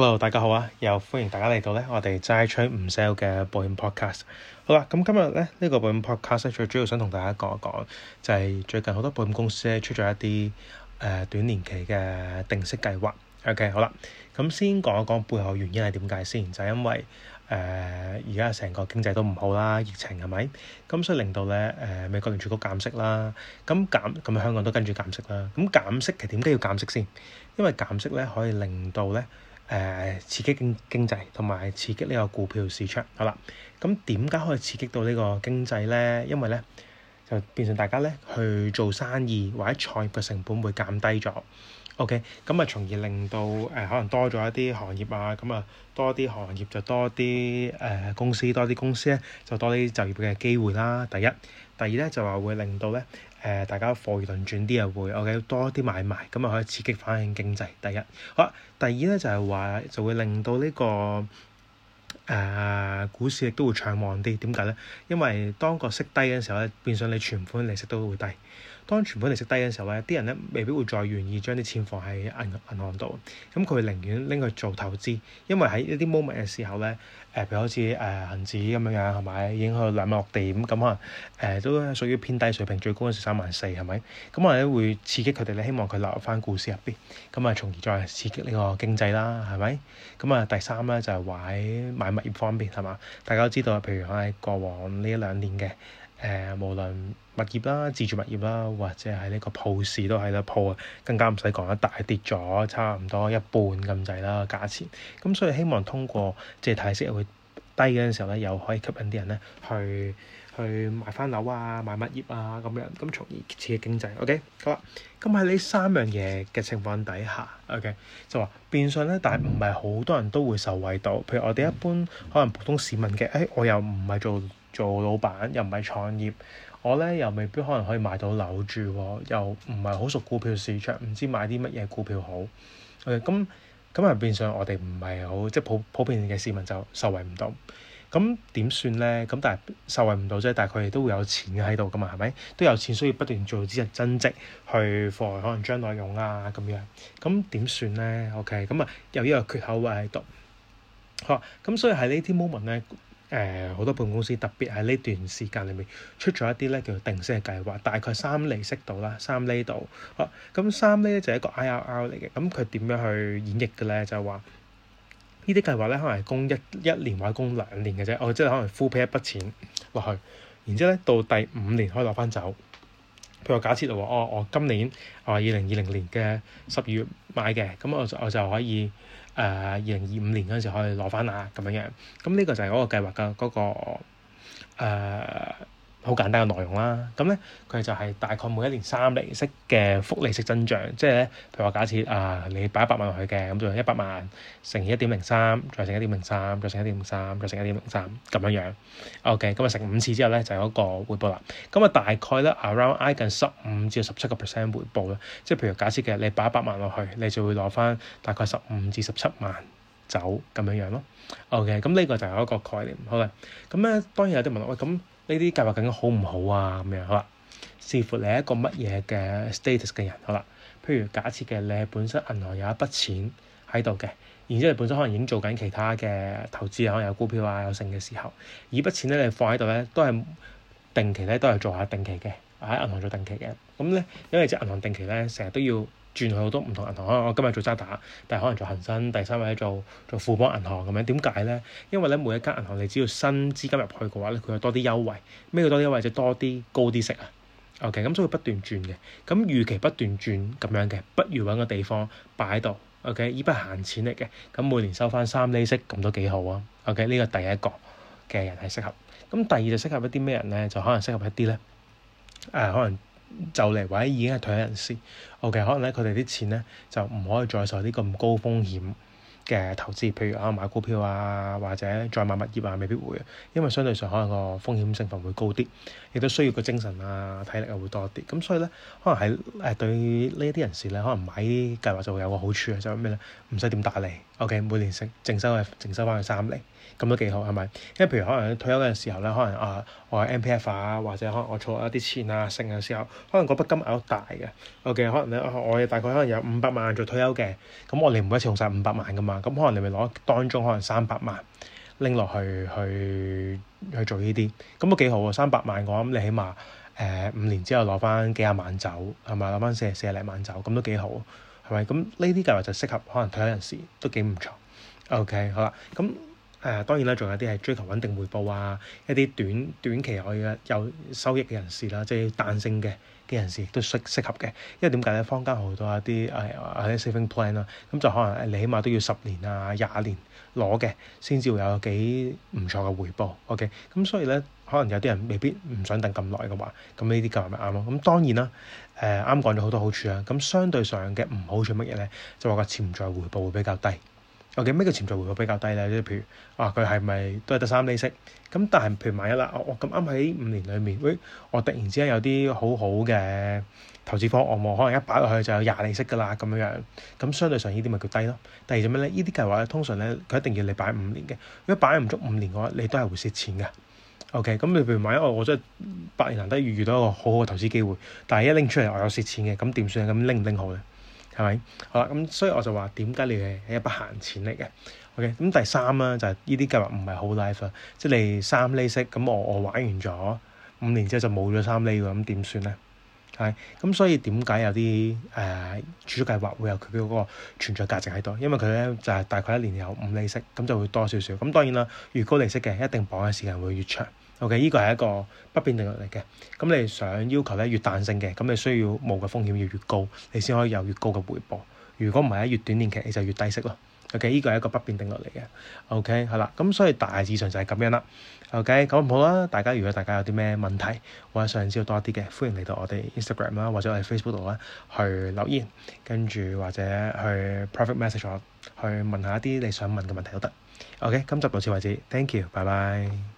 hello，大家好啊！又歡迎大家嚟到咧，我哋齋吹唔 sell 嘅保險 podcast。好啦，咁今日咧呢個保險 podcast 最主要想同大家講一講，就係最近好多保險公司咧出咗一啲誒短年期嘅定息計劃。OK，好啦，咁先講一講背後原因係點解先？就係因為誒而家成個經濟都唔好啦，疫情係咪咁？所以令到咧誒美國聯儲局減息啦，咁減咁香港都跟住減息啦。咁減息其實點解要減息先？因為減息咧可以令到咧。誒、呃、刺激經經濟同埋刺激呢個股票市場，好啦。咁點解可以刺激到呢個經濟咧？因為咧就變成大家咧去做生意或者創業嘅成本會減低咗。OK，咁啊從而令到誒、呃、可能多咗一啲行業啊，咁、嗯、啊多啲行業就多啲誒、呃、公司，多啲公司咧就多啲就業嘅機會啦。第一。第二咧就話會令到咧誒、呃、大家貨如輪轉啲啊會，O.K. 多啲買賣，咁啊可以刺激反映經濟。第一，好啦，第二咧就係、是、話就會令到呢、這個誒、呃、股市亦都會暢旺啲。點解咧？因為當個息低嘅時候咧，變相你存款利息都會低。當存款利息低嘅時候咧，啲人咧未必會再願意將啲錢放喺銀銀行度，咁佢寧願拎去做投資，因為喺一啲 moment 嘅時候咧，誒、呃，譬如好似誒恆指咁樣嘅係咪，已經去兩萬落地咁，咁可能都屬於偏低水平，最高都係三萬四係咪？咁我哋都會刺激佢哋咧，希望佢流入翻股市入邊，咁啊，從而再刺激呢個經濟啦，係咪？咁啊，第三咧就係話喺買物業方面係嘛，大家都知道，譬如我喺過往呢一兩年嘅。誒、呃，無論物業啦、自住物業啦，或者係呢個鋪市都係啦，鋪更加唔使講，一大跌咗差唔多一半咁滯啦，價錢。咁所以希望通過借貸息，息會低嘅時候咧，又可以吸引啲人咧去去買翻樓啊、買物業啊咁樣，咁從而刺激經濟。O、okay? K，好啦、啊，咁喺呢三樣嘢嘅情況底下，O、okay? K 就話變相咧，但係唔係好多人都會受惠到。譬如我哋一般可能普通市民嘅，誒、哎、我又唔係做。做老闆又唔係創業，我咧又未必可能可以買到樓住喎，又唔係好熟股票市場，唔知買啲乜嘢股票好。咁咁啊變相我哋唔係好，即係普普遍嘅市民就受惠唔到。咁點算咧？咁但係受惠唔到啫，但係佢哋都會有錢喺度噶嘛，係咪？都有錢需要不斷做資產增值去，去貨可能將來用啊咁樣。咁點算咧？OK，咁啊有呢個缺口位喺度。好，咁所以喺呢啲 moment 咧。誒好多保險公司特別喺呢段時間裏面出咗一啲咧，叫做定息嘅計劃，大概三厘息度啦，三厘度。啊，咁三厘咧就係一個 IRR 嚟嘅，咁佢點樣去演繹嘅咧？就係、是、話呢啲計劃咧可能係供一一年或者供兩年嘅啫，我、哦、即係可能付畀一筆錢落去，然之後咧到第五年可以攞翻走，佢話假設啊，我我今年我二零二零年嘅十二月買嘅，咁我就我就可以誒二零二五年嗰陣時可以攞翻啊咁樣樣，咁呢個就係嗰個計劃嘅嗰、嗰個誒。呃好簡單嘅內容啦，咁咧佢就係大概每一年三厘息嘅複利息增長，即係咧，譬如話假設啊，你擺一百萬落去嘅，咁就一百萬乘以一點零三，再乘一點零三，再乘一點零三，再乘一點零三咁樣樣。O K. 咁啊，乘五次之後咧就有、是、一個回報啦。咁、嗯、啊，大概咧 around 挨近十五至十七個 percent 回報啦。即係譬如假設嘅你擺一百萬落去，你就會攞翻大概十五至十七萬走咁樣樣咯。O K. 咁呢個就係一個概念，好啦。咁、嗯、咧當然有啲問喂咁。哎嗯嗯嗯呢啲計劃究竟好唔好啊？咁樣好啦，視乎你一個乜嘢嘅 status 嘅人，好啦。譬如假設嘅你係本身銀行有一筆錢喺度嘅，然之後你本身可能已經做緊其他嘅投資，可能有股票啊，有剩嘅時候，依筆錢咧你放喺度咧都係定期咧，都係做下定期嘅，喺銀行做定期嘅。咁咧因為即係銀行定期咧成日都要。轉去好多唔同銀行啦，我今日做渣打，但係可能做恒生，第三位做做富邦銀行咁樣。點解咧？因為咧每一間銀行你只要新資金入去嘅話咧，佢有多啲優惠，咩叫多啲優惠就多啲高啲息啊。O.K. 咁所以會不斷轉嘅，咁預期不斷轉咁樣嘅，不如揾個地方擺喺度。O.K. 呢筆閒錢嚟嘅，咁每年收翻三厘息咁都幾好啊。O.K. 呢個第一個嘅人係適合。咁第二就適合一啲咩人咧？就可能適合一啲咧，誒、呃、可能。就嚟或者已經係退休人士，OK，可能咧佢哋啲錢咧就唔可以再受啲咁高風險嘅投資，譬如啊買股票啊，或者再買物業啊，未必會，因為相對上可能個風險成分會高啲，亦都需要個精神啊體力又會多啲，咁所以咧可能係誒對呢啲人士咧，可能買計劃就會有個好處就係咩咧，唔使點打理。OK，每年剩淨收係翻佢三零，咁都幾好係咪？因為譬如可能退休嗰陣時候呢，可能啊，我係 MPF 啊，或者可能我儲一啲錢啊，剩嘅時候，可能嗰筆金額大嘅，OK，可能咧，我大概可能有五百萬做退休嘅，咁我哋唔會一次用曬五百萬噶嘛，咁可能你咪攞當中可能三百萬拎落去去去做呢啲，咁都幾好喎，三百萬我咁你起碼誒五、呃、年之後攞翻幾廿萬走，係咪攞翻四廿四廿零萬走，咁都幾好。係咪咁呢啲計劃就適合可能退休人士都幾唔錯。OK，好啦，咁誒當然啦，仲有啲係追求穩定回報啊，一啲短短期可以有收益嘅人士啦，即係彈性嘅嘅人士亦都適適合嘅。因為點解咧？坊間好多一啲誒啲 saving plan 啦，咁就可能你起碼都要十年啊、廿年攞嘅，先至會有幾唔錯嘅回報。OK，咁所以咧。可能有啲人未必唔想等咁耐嘅話，咁呢啲計劃咪啱咯。咁當然啦，誒啱講咗好多好處啊。咁相對上嘅唔好處乜嘢咧？就話個潛在回報會比較低。OK，咩叫潛在回報比較低咧？即係譬如啊，佢係咪都係得三釐息？咁但係譬如萬一啦，我咁啱喺五年裏面，誒、哎、我突然之間有啲好好嘅投資方案喎，可能一擺落去就有廿釐息㗎啦咁樣樣。咁相對上呢啲咪叫低咯。第二就咩咧？呢啲計劃咧通常咧佢一定要你擺五年嘅。如果擺唔足五年嘅話，你都係會蝕錢㗎。O.K. 咁你譬如買一個，我真係百年難得遇到一個好好嘅投資機會，但係一拎出嚟我有蝕錢嘅，咁點算？咁拎唔拎好咧？係咪？好啦，咁所以我就話點解你係一筆閒錢嚟嘅？O.K. 咁第三咧就係呢啲計劃唔係好 life 啊，即係你三厘息，咁我我玩完咗五年之後就冇咗三厘喎，咁點算咧？係咁所以點解有啲誒儲蓄計劃會有佢嗰個存在價值喺度？因為佢咧就係大概一年有五厘息，咁就會多少少。咁當然啦，越高利息嘅一定綁嘅時間會越長。OK，呢個係一個不變定律嚟嘅。咁你想要求咧越彈性嘅，咁你需要冒嘅風險要越，越高，你先可以有越高嘅回報。如果唔係越短年期你就越低息咯。OK，呢個係一個不變定律嚟嘅。OK，係啦。咁所以大致上就係咁樣啦。OK，咁好啦，大家如果大家有啲咩問題或者想知道多啲嘅，歡迎嚟到我哋 Instagram 啦，或者我哋 Facebook 度咧去留言，跟住或者去 Private Message 我，去問下一啲你想問嘅問題都得。OK，咁就到此為止，Thank you，拜拜。